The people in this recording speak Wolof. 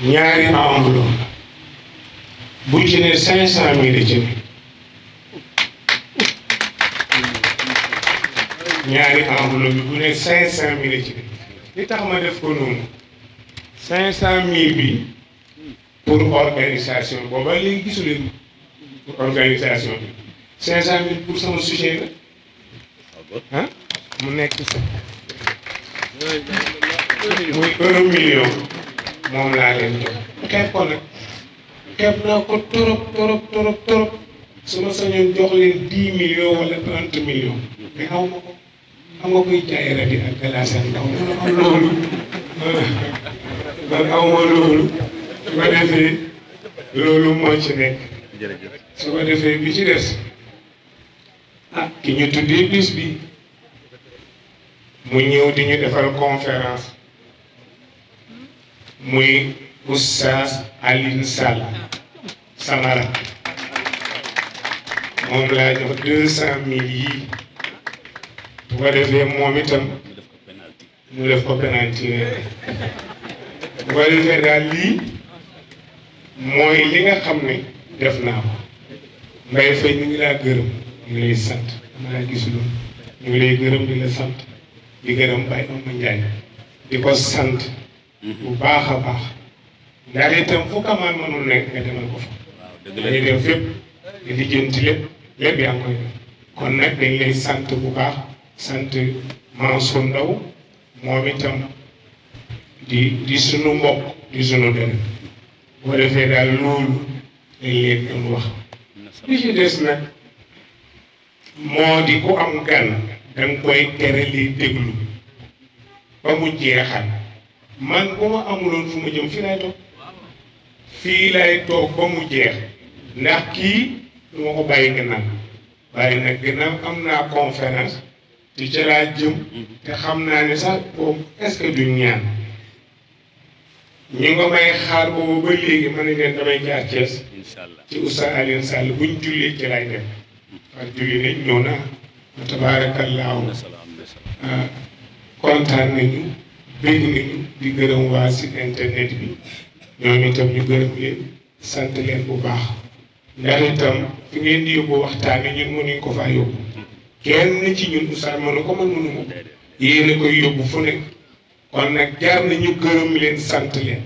ñaari enveloppe bu ci cinq cent mille ci ne ñaari enveloppe bi bu ne cinq cent mille ci ne li tax ma def ko noonu cinq cent mille bi pour organisation booba léegi gisuleen pour organisation bi cinq cent mille pour sama sujet ah mu nekk muy un million moom laa leen jox xeeb ko nag xeeb naa ko torop torop torop torop su ma sañoon jox leen dix millions wala trente millions mais aw ko xam koy jaay rajo ak galaasal ndaw man aw loolu loolu su ko defee loolu moo ci nekk su ko defee bi ci des ah ki ñu tuddee bis bi mu ñëw di ñu defal conférence muy Oustaz Alioune Sall Samara moom laa jox deux cent mille yii bu defee moom itam mu def ko penalty bu ko defee daal lii mooy li nga xam ne def naa ko Mbaye Faye ñu ngi laa gërëm ñu ngi lay sant ma laa gis loolu ñu ngi lay gërëm di la sant di gërëm Baye Oumar Ndiaye di ko sant Mhm. bu baax a baax. ndax itam fu kamaan mënul nekk nga demal ko fa. waaw dem fépp di lijjanti lépp lépp yaa ngi koy def kon nag dañ lay sant bu baax sant Mansour Ndaw moom itam di di sunu mbokk di sunu dënn. boo defee daal loolu dañ leen doon wax. li ci des nag moo di ku am gan da koy tere liy déglu ba mu jeexal. man bu ma amuloon fu ma jëm fii lay toog fii lay toog ba mu jeex ndax kii du ma ko bàyyi gannaaw bàyyi nag gannaaw am naa conférence ci ca laa jëm te xam naa ne sax boobu est-ce ñaan ñu nga may xaar boobu ba léegi ma ne leen damay jaar Thiès ci Oustaz sàll bu buñ jullee ci lay dem parce que julli nañ ñëw naa tabaarakallahu ah, kontaan nañu bëgg nañu di gërëm waa si internet bi ñoom itam ñu gërëm leen sant leen bu baax ndax itam fi ngeen di yóbbu waxtaan yi ñun mënuñ ko faa yóbbu kenn ci ñun Oustaz mënu ko man mënu ko yéen a koy yóbbu fu ne kon nag jaar na ñu gërëm leen sant leen